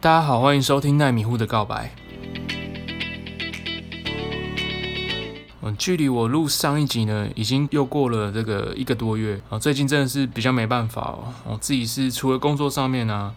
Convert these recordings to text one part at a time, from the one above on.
大家好，歡迎收聽奈米戶的告白。嗯，距離我錄上一集呢，已經又過了這個一個多月啊。最近真的是比較沒辦法哦、喔，我自己是除了工作上面呢、啊。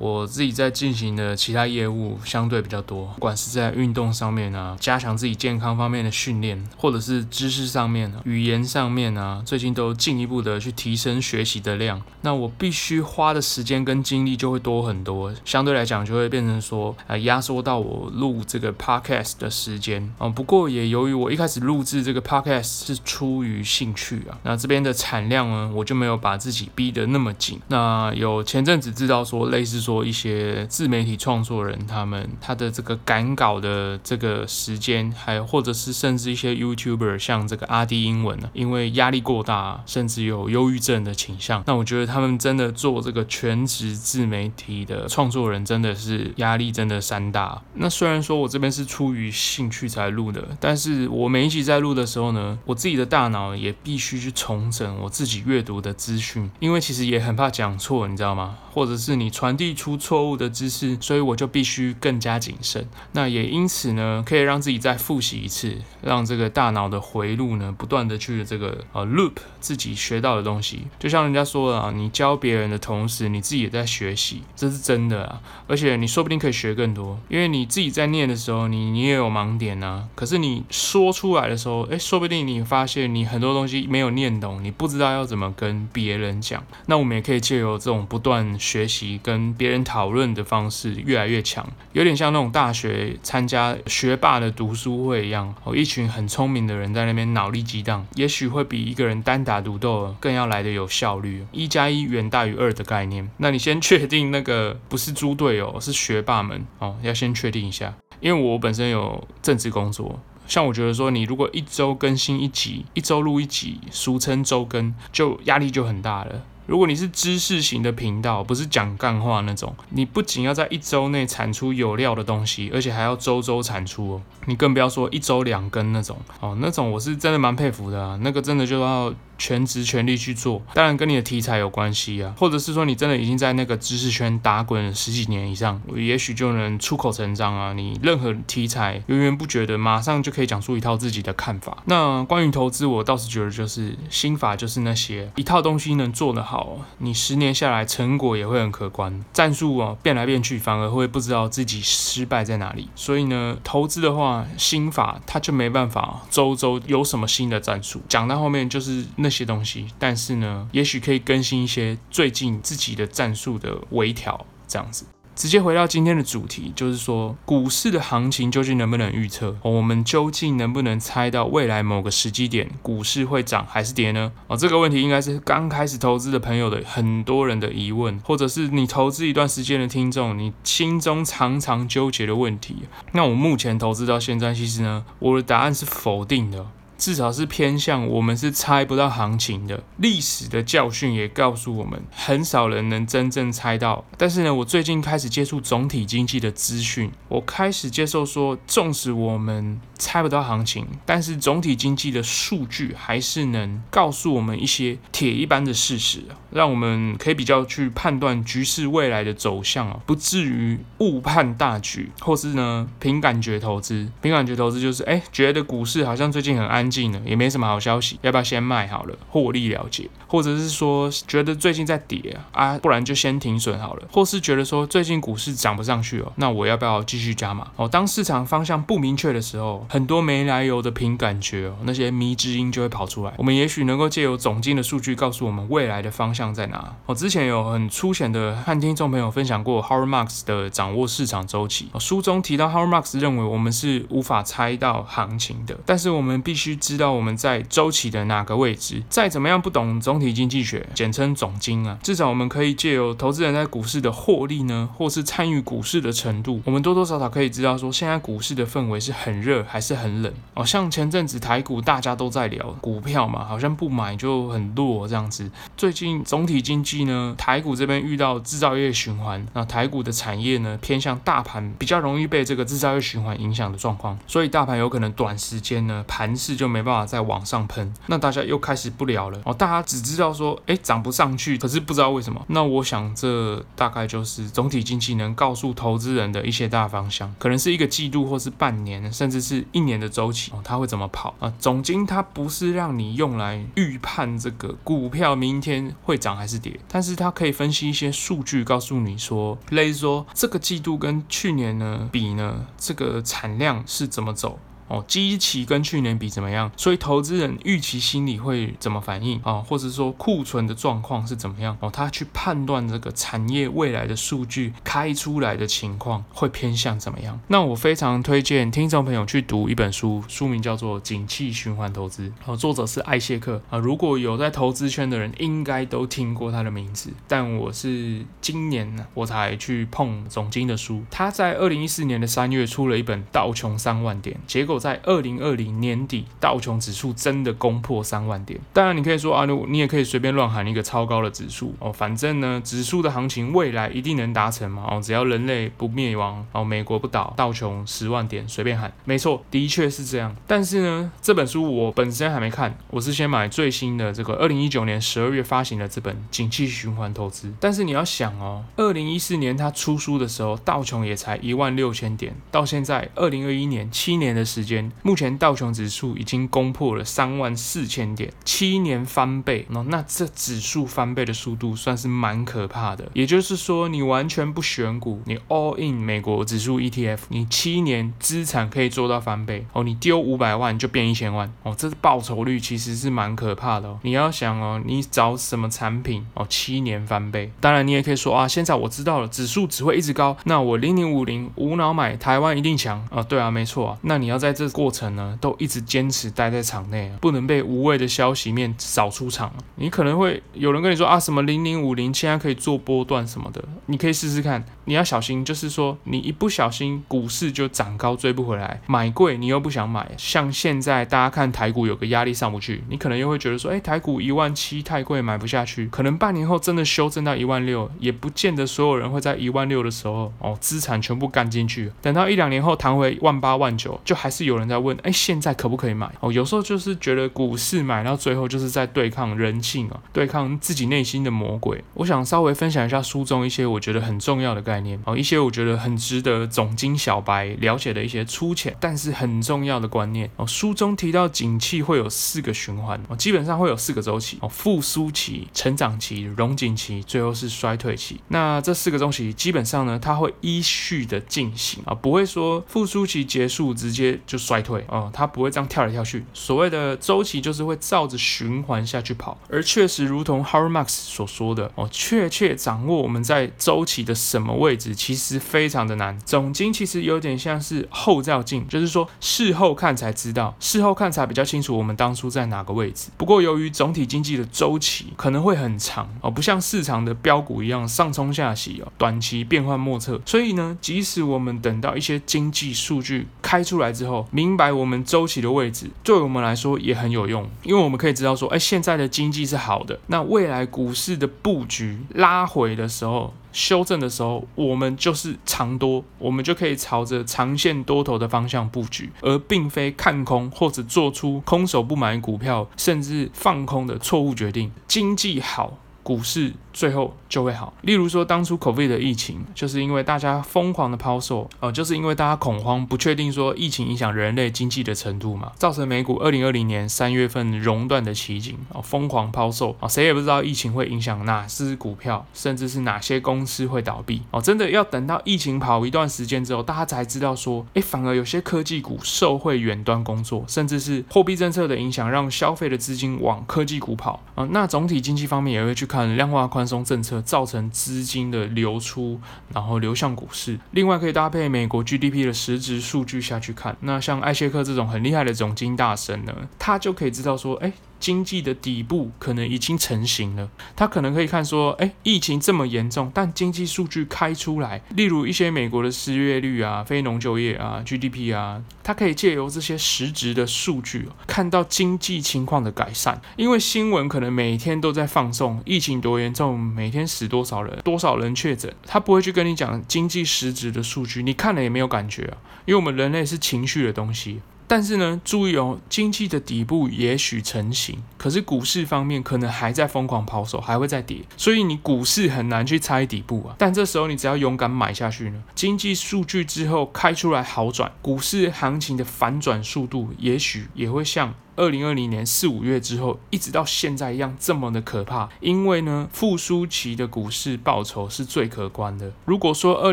我自己在進行的其他業務相對比較多，不管是在運動上面啊，加強自己健康方面的訓練，或者是知識上面啊、語言上面啊，最近都進一步的去提升學習的量。那我必須花的時間跟精力就會多很多，相對來講就會變成說，呃，壓縮到我錄這個 podcast 的時間。哦，不過也由於我一開始錄製這個 podcast 是出於興趣啊，那這邊的產量呢，我就沒有把自己逼得那麼緊。那有前陣子知道說，類似說。做一些自媒體創作人，他們他的這個趕稿的這個時間，還有或者是甚至一些 YouTuber，像這個阿滴英文呢，因為壓力過大，甚至有憂鬱症的傾向。那我覺得他們真的做這個全職自媒體的創作人，真的是壓力真的山大。那雖然說我這邊是出於興趣才錄的，但是我每一集在錄的時候呢，我自己的大腦也必須去重整我自己閱讀的資訊，因為其實也很怕講錯，你知道嗎？或者是你傳遞出錯誤的知識，所以我就必須更加謹慎。那也因此呢，可以讓自己再複習一次，讓這個大腦的回路呢不斷的去這個呃 loop 自己學到的東西。就像人家說的啊，你教別人的同時，你自己也在學習，這是真的啊。而且你說不定可以學更多，因為你自己在念的時候，你你也有盲點吶、啊。可是你說出來的時候，哎、欸，說不定你發現你很多東西沒有念懂，你不知道要怎麼跟別人講。那我們也可以借由這種不斷。學習跟別人討論的方式越來越強，有點像那種大學參加學霸的讀書會一樣，一群很聰明的人在那邊腦力激盪，也許會比一個人單打獨鬥更要來得有效率。一加一遠大於二的概念。那你先確定那個不是豬隊友，是學霸們哦，要先確定一下。因為我本身有正職工作，像我覺得說你如果一週更新一集，一週錄一集，俗稱週更，就壓力就很大了。如果你是知識型的頻道，不是講幹話那種，你不僅要在一周內產出有料的東西，而且還要周周產出哦、喔。你更不要說一周兩更那種哦、喔，那種我是真的蠻佩服的、啊，那個真的就要全職全力去做，當然跟你的題材有關係啊，或者是說你真的已經在那個知識圈打滾十幾年以上，也許就能出口成章啊。你任何題材，源源不絕的，馬上就可以講出一套自己的看法。那關於投資，我倒是覺得就是心法，就是那些一套東西能做得好，你十年下來成果也會很可觀。戰術啊，變來變去，反而會不知道自己失敗在哪裡。所以呢，投資的話，心法它就沒辦法周、啊、周有什麼新的戰術，講到後面就是那些。些東西，但是呢，也許可以更新一些最近自己的戰術的微調，這樣子。直接回到今天的主題，就是說股市的行情究竟能不能預測？哦，我們究竟能不能猜到未來某個時機點股市會漲還是跌呢？哦，這個問題應該是剛開始投資的朋友的很多人的疑問，或者是你投資一段時間的聽眾，你心中常常糾結的問題。那我目前投資到現在，其實呢，我的答案是否定的。至少是偏向，我們是猜不到行情的。歷史的教訓也告訴我們，很少人能真正猜到。但是呢，我最近開始接觸總體經濟的資訊，我開始接受說，縱使我們。猜不到行情，但是總體經濟的數據還是能告訴我們一些鐵一般的事實，讓我們可以比較去判斷局勢未來的走向啊，不至於誤判大局，或是呢憑感覺投資。憑感覺投資就是誒、欸，覺得股市好像最近很安靜了，也沒什麼好消息，要不要先賣好了獲利了結？或者是說覺得最近在跌啊，不然就先停損好了。或是覺得說最近股市漲不上去哦，那我要不要繼續加碼？哦，當市場方向不明確的時候。很多沒來由的憑感覺哦，那些謎之音就會跑出來。我們也許能夠借由總經的數據告訴我們未來的方向在哪。哦，之前有很粗淺的和聽眾朋友分享過 Howard Marks 的掌握市場週期。書中提到 Howard Marks 認為我們是無法猜到行情的，但是我們必須知道我們在週期的哪個位置。再怎麼樣不懂總體經濟學，簡稱總經啊，至少我們可以借由投資人在股市的獲利呢，或是參與股市的程度，我們多多少少可以知道說現在股市的氛圍是很熱還。還是很冷哦，像前陣子台股大家都在聊股票嘛，好像不買就很弱這樣子。最近總體經濟呢，台股這邊遇到製造業循環，那台股的產業呢偏向大盤，比較容易被這個製造業循環影響的狀況，所以大盤有可能短時間呢盤勢就沒辦法再往上噴，那大家又開始不聊了哦，大家只知道說，誒、欸，漲不上去，可是不知道為什麼。那我想這大概就是總體經濟能告訴投資人的一些大方向，可能是一個季度或是半年，甚至是。一年的週期哦，它會怎麼跑啊？總經它不是讓你用來預判這個股票明天會漲還是跌，但是它可以分析一些數據，告訴你說，例如說這個季度跟去年呢比呢，這個產量是怎麼走。哦，基期跟去年比怎麼樣？所以投資人預期心理會怎麼反應啊、哦？或者說庫存的狀況是怎麼樣？哦，他去判斷這個產業未來的數據開出來的情況會偏向怎麼樣？那我非常推薦聽眾朋友去讀一本書，書名叫做《景氣循環投資》，然、哦、作者是愛榭克啊。如果有在投資圈的人，應該都聽過他的名字。但我是今年呢、啊，我才去碰總經的書。他在二零一四年的三月出了一本《道瓊三萬點》，結果。在二零二零年底，道瓊指數真的攻破三萬點。當然，你可以說啊，你也可以隨便亂喊一個超高的指數哦。反正呢，指數的行情未來一定能達成嘛。哦，只要人類不滅亡，哦，美國不倒，道瓊十萬點隨便喊。沒錯，的確是這樣。但是呢，這本書我本身還沒看，我是先買最新的這個二零一九年十二月發行的這本《景氣循環投資》。但是你要想哦，二零一四年他出書的時候，道瓊也才一萬六千點，到現在二零二一年七年的時間。目前道瓊指數已經攻破了三萬四千點，七年翻倍哦。那這指數翻倍的速度算是蠻可怕的。也就是說，你完全不選股，你 all in 美國指數 ETF，你七年資產可以做到翻倍哦。你丟五百萬就變一千萬哦，這報酬率其實是蠻可怕的哦。你要想哦，你找什麼產品哦，七年翻倍。當然你也可以說啊，現在我知道了，指數只會一直高，那我零零五零無腦買台灣一定強哦，對啊，沒錯啊。那你要在這這過程呢，都一直堅持待在場內，不能被無謂的消息面掃出場。你可能會有人跟你說啊，什麼零零五零現在可以做波段什麼的，你可以試試看。你要小心，就是說你一不小心股市就漲高追不回來，買貴你又不想買。像現在大家看台股有個壓力上不去，你可能又會覺得說，哎，台股一萬七太貴買不下去，可能半年後真的修正到一萬六，也不見得所有人會在一萬六的時候哦資產全部幹進去。等到一兩年後彈回萬八萬九，就還是有。有人在問，哎，現在可不可以買？哦，有時候就是覺得股市買到最後就是在對抗人性啊，對抗自己內心的魔鬼。我想稍微分享一下書中一些我覺得很重要的概念哦，一些我覺得很值得總經小白了解的一些粗淺但是很重要的觀念哦。書中提到，景氣會有四個循環哦，基本上會有四個周期哦：復甦期、成長期、榮景期，最後是衰退期。那這四個東西基本上呢，它會依序的進行啊，不會說復甦期結束直接。就衰退哦，它不會這樣跳來跳去。所謂的周期就是會照着循環下去跑。而確實，如同 Howard Marks 所說的哦，確切掌握我們在周期的什麼位置，其實非常的難。總經其實有點像是後照鏡，就是說事後看才知道，事後看才比較清楚我們當初在哪個位置。不過，由於總體經濟的周期可能會很長哦，不像市場的標股一樣上沖下洗哦，短期變幻莫測。所以呢，即使我們等到一些經濟數據開出來之後，明白我們週期的位置，對我們來說也很有用，因為我們可以知道說，哎，現在的經濟是好的，那未來股市的布局拉回的時候，修正的時候，我們就是長多，我們就可以朝着長線多頭的方向布局，而並非看空或者做出空手不買股票甚至放空的錯誤決定。經濟好，股市。最後就會好。例如說，當初 COVID 的疫情，就是因為大家瘋狂的拋售，哦，就是因為大家恐慌，不確定說疫情影響人類經濟的程度嘛，造成美股二零二零年三月份熔斷的奇景，哦，瘋狂拋售，哦，誰也不知道疫情會影響哪支股票，甚至是哪些公司會倒閉，哦，真的要等到疫情跑一段時間之後，大家才知道說，哎，反而有些科技股受惠遠端工作，甚至是貨幣政策的影響，讓消費的資金往科技股跑，啊，那總體經濟方面也會去看量化寬。寬鬆政策造成資金的流出，然後流向股市。另外，可以搭配美國 GDP 的實質數據下去看。那像愛榭克這種很厲害的總經大神呢，他就可以知道說，哎、欸。經濟的底部可能已經成型了，他可能可以看說誒，疫情這麼嚴重，但經濟數據開出來，例如一些美國的失業率啊、非農就業啊、GDP 啊，它可以借由這些實質的數據看到經濟情況的改善。因為新聞可能每天都在放送疫情多嚴重，每天死多少人，多少人確診，他不會去跟你講經濟實質的數據，你看了也沒有感覺啊，因為我們人類是情緒的東西。但是呢，注意哦，經濟的底部也許成型，可是股市方面可能還在瘋狂拋售，還會再跌，所以你股市很難去猜底部啊。但這時候你只要勇敢買下去呢，經濟數據之後開出來好轉，股市行情的反轉速度也許也會像。二零二零年四五月之後，一直到現在一樣這麼的可怕，因為呢，復甦期的股市報酬是最可觀的。如果說二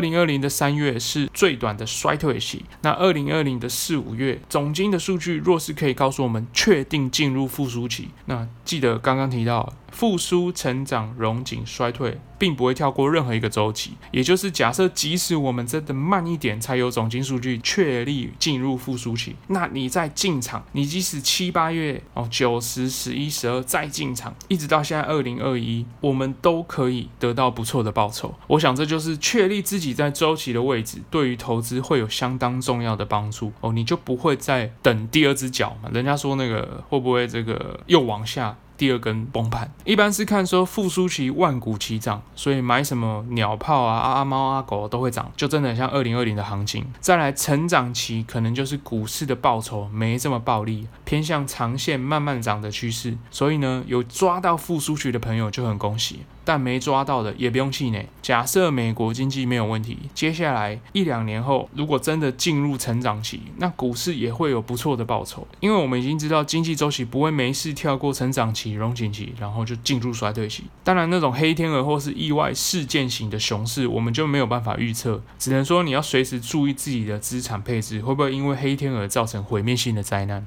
零二零的三月是最短的衰退期，那二零二零的四五月總經的數據若是可以告訴我們確定進入復甦期，那記得剛剛提到復甦、復甦成長、榮景、衰退。並不會跳過任何一個周期，也就是假設即使我們真的慢一點才有總經數據確立進入復甦期，那你在進場，你即使七八月哦、九十、十一、十二再進場，一直到現在二零二一，我們都可以得到不錯的報酬。我想這就是確立自己在周期的位置，對於投資會有相當重要的幫助哦。你就不會再等第二隻腳嘛？人家說那個會不會這個又往下？第二根崩盤，一般是看說復甦期萬股齊漲，所以買什麼鳥炮啊、阿貓阿狗、啊、都會漲，就真的很像二零二零的行情。再來成長期，可能就是股市的報酬沒這麼暴利，偏向長線慢慢漲的趨勢。所以呢，有抓到復甦期的朋友就很恭喜。但沒抓到的也不用氣餒。假設美國經濟沒有問題，接下來一兩年後，如果真的進入成長期，那股市也會有不錯的報酬。因為我們已經知道經濟週期不會沒事跳過成長期、榮景期，然後就進入衰退期。當然，那種黑天鵝或是意外事件型的熊市，我們就沒有辦法預測，只能說你要隨時注意自己的資產配置會不會因為黑天鵝造成毀滅性的災難。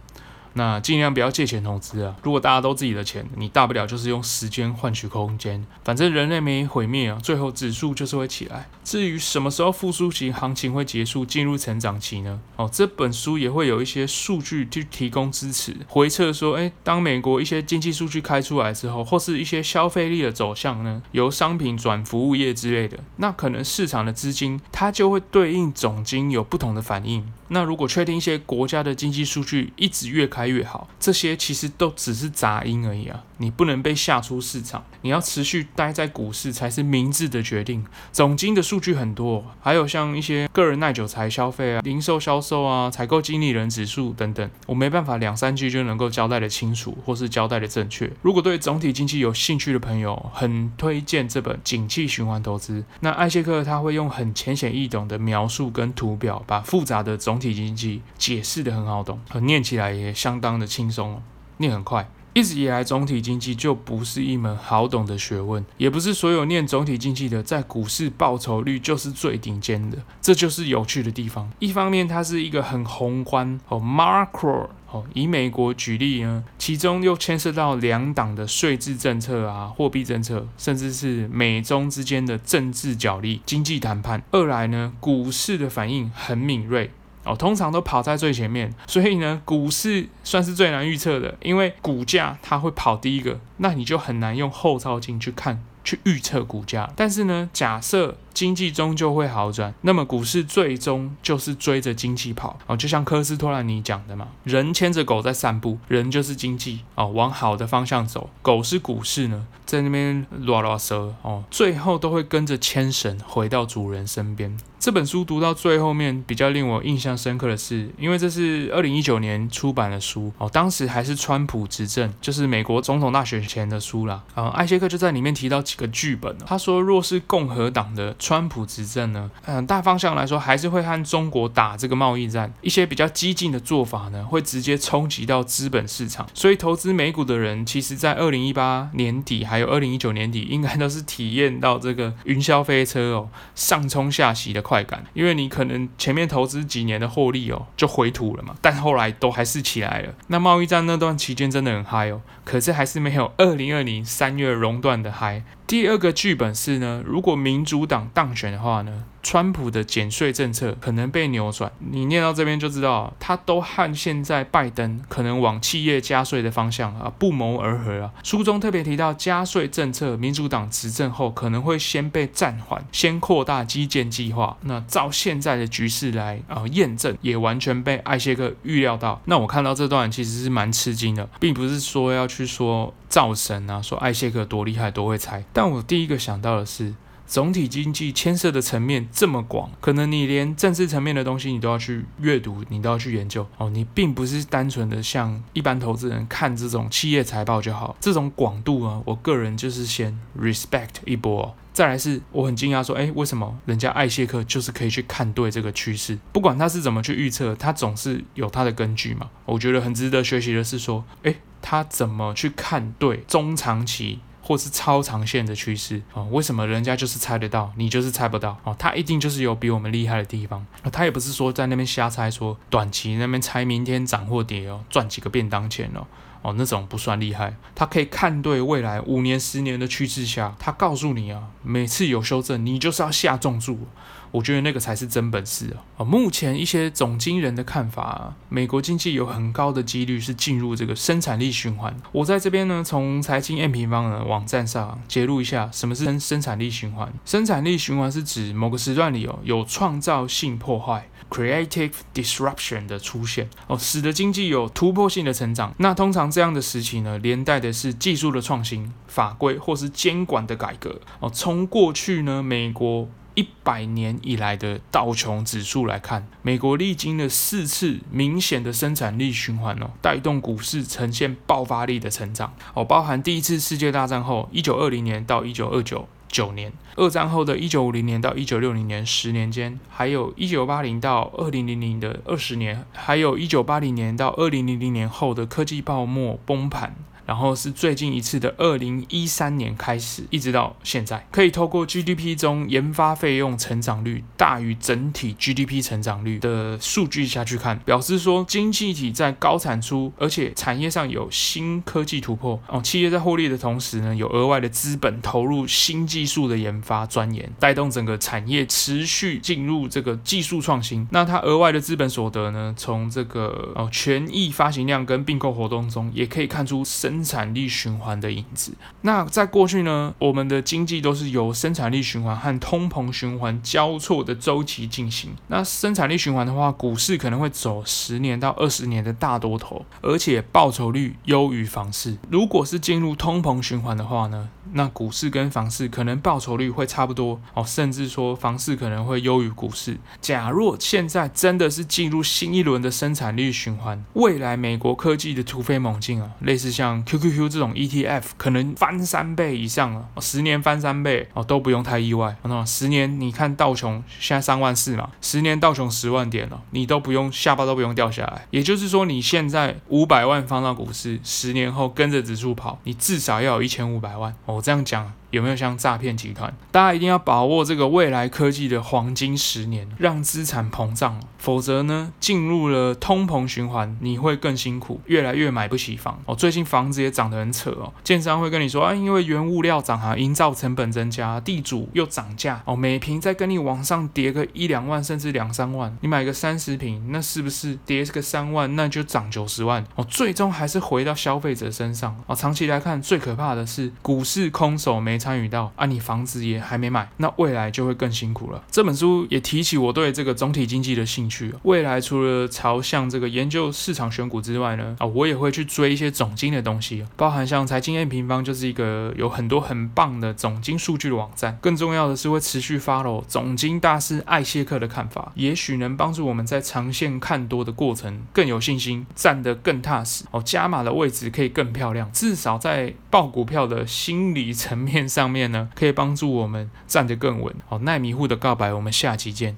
那盡量不要借錢投資啊！如果大家都自己的錢，你大不了就是用時間換取空間。反正人類沒毀滅啊，最後指數就是會起來。至於什麼時候復甦期行情會結束，進入成長期呢？哦，這本書也會有一些數據去提供支持，回測說，誒、欸，當美國一些經濟數據開出來之後，或是一些消費力的走向呢，由商品轉服務業之類的，那可能市場的資金它就會對應總經有不同的反應。那如果確定一些國家的經濟數據一直越開越好，這些其實都只是雜音而已啊！你不能被嚇出市場，你要持續待在股市才是明智的決定。總經的數據很多，還有像一些個人耐久財消費啊、零售銷售啊、採購經理人指數等等，我沒辦法兩三句就能夠交代得清楚，或是交代得正確。如果對總體經濟有興趣的朋友，很推薦這本《景氣循環投資》。那愛榭克他會用很淺顯易懂的描述跟圖表，把複雜的總經濟解釋得很好懂，念起來也相當的輕鬆哦，念很快。一直以來，總體經濟就不是一門好懂的學問，也不是所有念總體經濟的在股市報酬率就是最頂尖的，這就是有趣的地方。一方面，它是一個很宏觀 macro，以美國舉例呢，其中又牽涉到兩黨的稅制政策啊、貨幣政策，甚至是美中之間的政治角力、經濟談判。二來呢，股市的反應很敏銳。哦，通常都跑在最前面，所以呢，股市算是最難預測的，因為股價它會跑第一個，那你就很難用後照鏡去看去預測股價。但是呢，假設。經濟終究會好轉，那麼股市最終就是追着經濟跑哦，就像科斯托蘭尼講的嘛，人牽着狗在散步，人就是經濟哦，往好的方向走，狗是股市呢，在那邊亂亂折哦，最後都會跟着牽繩回到主人身邊。這本書讀到最後面，比較令我印象深刻的是，因為這是二零一九年出版的書哦，當時還是川普執政，就是美國總統大選前的書啦。啊、嗯，艾切克就在裡面提到幾個劇本，哦、他說若是共和黨的。川普執政呢，嗯、呃，大方向來說還是會和中國打這個貿易戰，一些比較激進的做法呢，會直接衝擊到資本市場。所以投資美股的人，其實，在二零一八年底還有二零一九年底，應該都是體驗到這個雲霄飛車哦，上衝下洗的快感，因為你可能前面投資幾年的獲利哦，就回吐了嘛，但後來都還是起來了。那貿易戰那段期間真的很嗨哦。可是還是沒有2020三月熔斷的嗨。第二個劇本是呢，如果民主黨當選的話呢？川普的減稅政策可能被扭轉，你念到這邊就知道，他都和現在拜登可能往企業加稅的方向啊不謀而合啊。書中特別提到加稅政策，民主黨執政後可能會先被暫緩，先擴大基建計劃。那照現在的局勢來啊驗證，也完全被愛榭克預料到。那我看到這段其實是蠻吃驚的，並不是說要去說造神啊，說愛榭克多厲害多會猜。但我第一個想到的是。總體經濟牽涉的層面這麼廣，可能你連政治層面的東西你都要去閱讀，你都要去研究哦。你並不是單純的像一般投資人看這種企業財報就好，這種廣度呢、啊，我個人就是先 respect 一波、哦。再來是，我很驚訝說，哎，為什麼人家愛榭克就是可以去看對這個趨勢？不管他是怎麼去預測，他總是有他的根據嘛。我覺得很值得學習的是說，哎，他怎麼去看對中長期？或是超長線的趨勢啊，為什麼人家就是猜得到，你就是猜不到哦，他一定就是有比我們厲害的地方，哦，他也不是說在那邊瞎猜，說短期那邊猜明天漲或跌哦，賺幾個便當錢哦，哦那種不算厲害，他可以看對未來五年、十年的趨勢下，他告訴你啊，每次有修正，你就是要下重注。我覺得那個才是真本事啊、喔，目前一些總經人的看法、啊，美國經濟有很高的幾率是進入這個生產力循環。我在這邊呢，從財經 M 平方的網站上截錄一下，什麼是生產生產力循環？生產力循環是指某個時段裡哦，有創造性破壞 （creative disruption） 的出現哦，使得經濟有突破性的成長。那通常這樣的時期呢，連帶的是技術的創新、法規或是監管的改革哦。從過去呢，美國。一百年以來的道瓊指數來看，美國歷經了四次明顯的生產力循環哦，帶動股市呈現爆發力的成長哦，包含第一次世界大戰後一九二零年到一九二九九年，二戰後的一九五零年到一九六零年十年間，還有一九八零到二零零零的二十年，還有一九八零年到二零零零年後的科技泡沫崩盤。然後是最近一次的二零一三年開始，一直到現在，可以透過 GDP 中研發費用成長率大於整體 GDP 成長率的數據下去看，表示說經濟體在高產出，而且產業上有新科技突破，哦，企業在獲利的同時呢，有額外的資本投入新技術的研發鑽研，帶動整個產業持續進入這個技術創新。那它額外的資本所得呢，從這個哦權益發行量跟併購活動中，也可以看出生產力循環的影子。那在過去呢，我們的經濟都是由生產力循環和通膨循環交錯的週期進行。那生產力循環的話，股市可能會走十年到二十年的大多頭，而且報酬率優於房市。如果是進入通膨循環的話呢，那股市跟房市可能報酬率會差不多哦，甚至說房市可能會優於股市。假若現在真的是進入新一輪的生產力循環，未來美國科技的突飛猛進啊，類似像。Q Q Q 這種 E T F 可能翻三倍以上了，十年翻三倍哦，都不用太意外。那十年你看道瓊，現在三萬四嘛，十年道瓊十萬點了，你都不用，下巴都不用掉下來。也就是說你現在五百萬放到股市，十年後跟着指數跑，你至少要有一千五百萬哦。我這樣講。有沒有像詐騙集團？大家一定要把握這個未來科技的黃金十年，讓資產膨脹。否則呢，進入了通膨循環，你會更辛苦，越來越買不起房哦。最近房子也漲得很扯哦。建商會跟你說啊，因為原物料漲哈，營造成本增加，地主又漲價哦，每坪再跟你往上疊個一兩萬，甚至兩三萬。你買個三十坪，那是不是疊個三萬，那就漲九十萬哦？最終還是回到消費者身上哦，長期來看，最可怕的是股市空手沒。參與到啊，你房子也還沒買，那未來就會更辛苦了。這本書也提起我對這個總體經濟的興趣、哦。未來除了朝向這個研究市場選股之外呢，啊、哦，我也會去追一些總經的東西、哦，包含像財經 M 平方就是一個有很多很棒的總經數據的網站。更重要的是會持續 follow 總經大師愛榭克的看法，也許能幫助我們在長線看多的過程更有信心，站得更踏實哦。加碼的位置可以更漂亮，至少在報股票的心理層面。上面呢，可以幫助我們站得更穩。好，奈米戶的告白，我們下期見。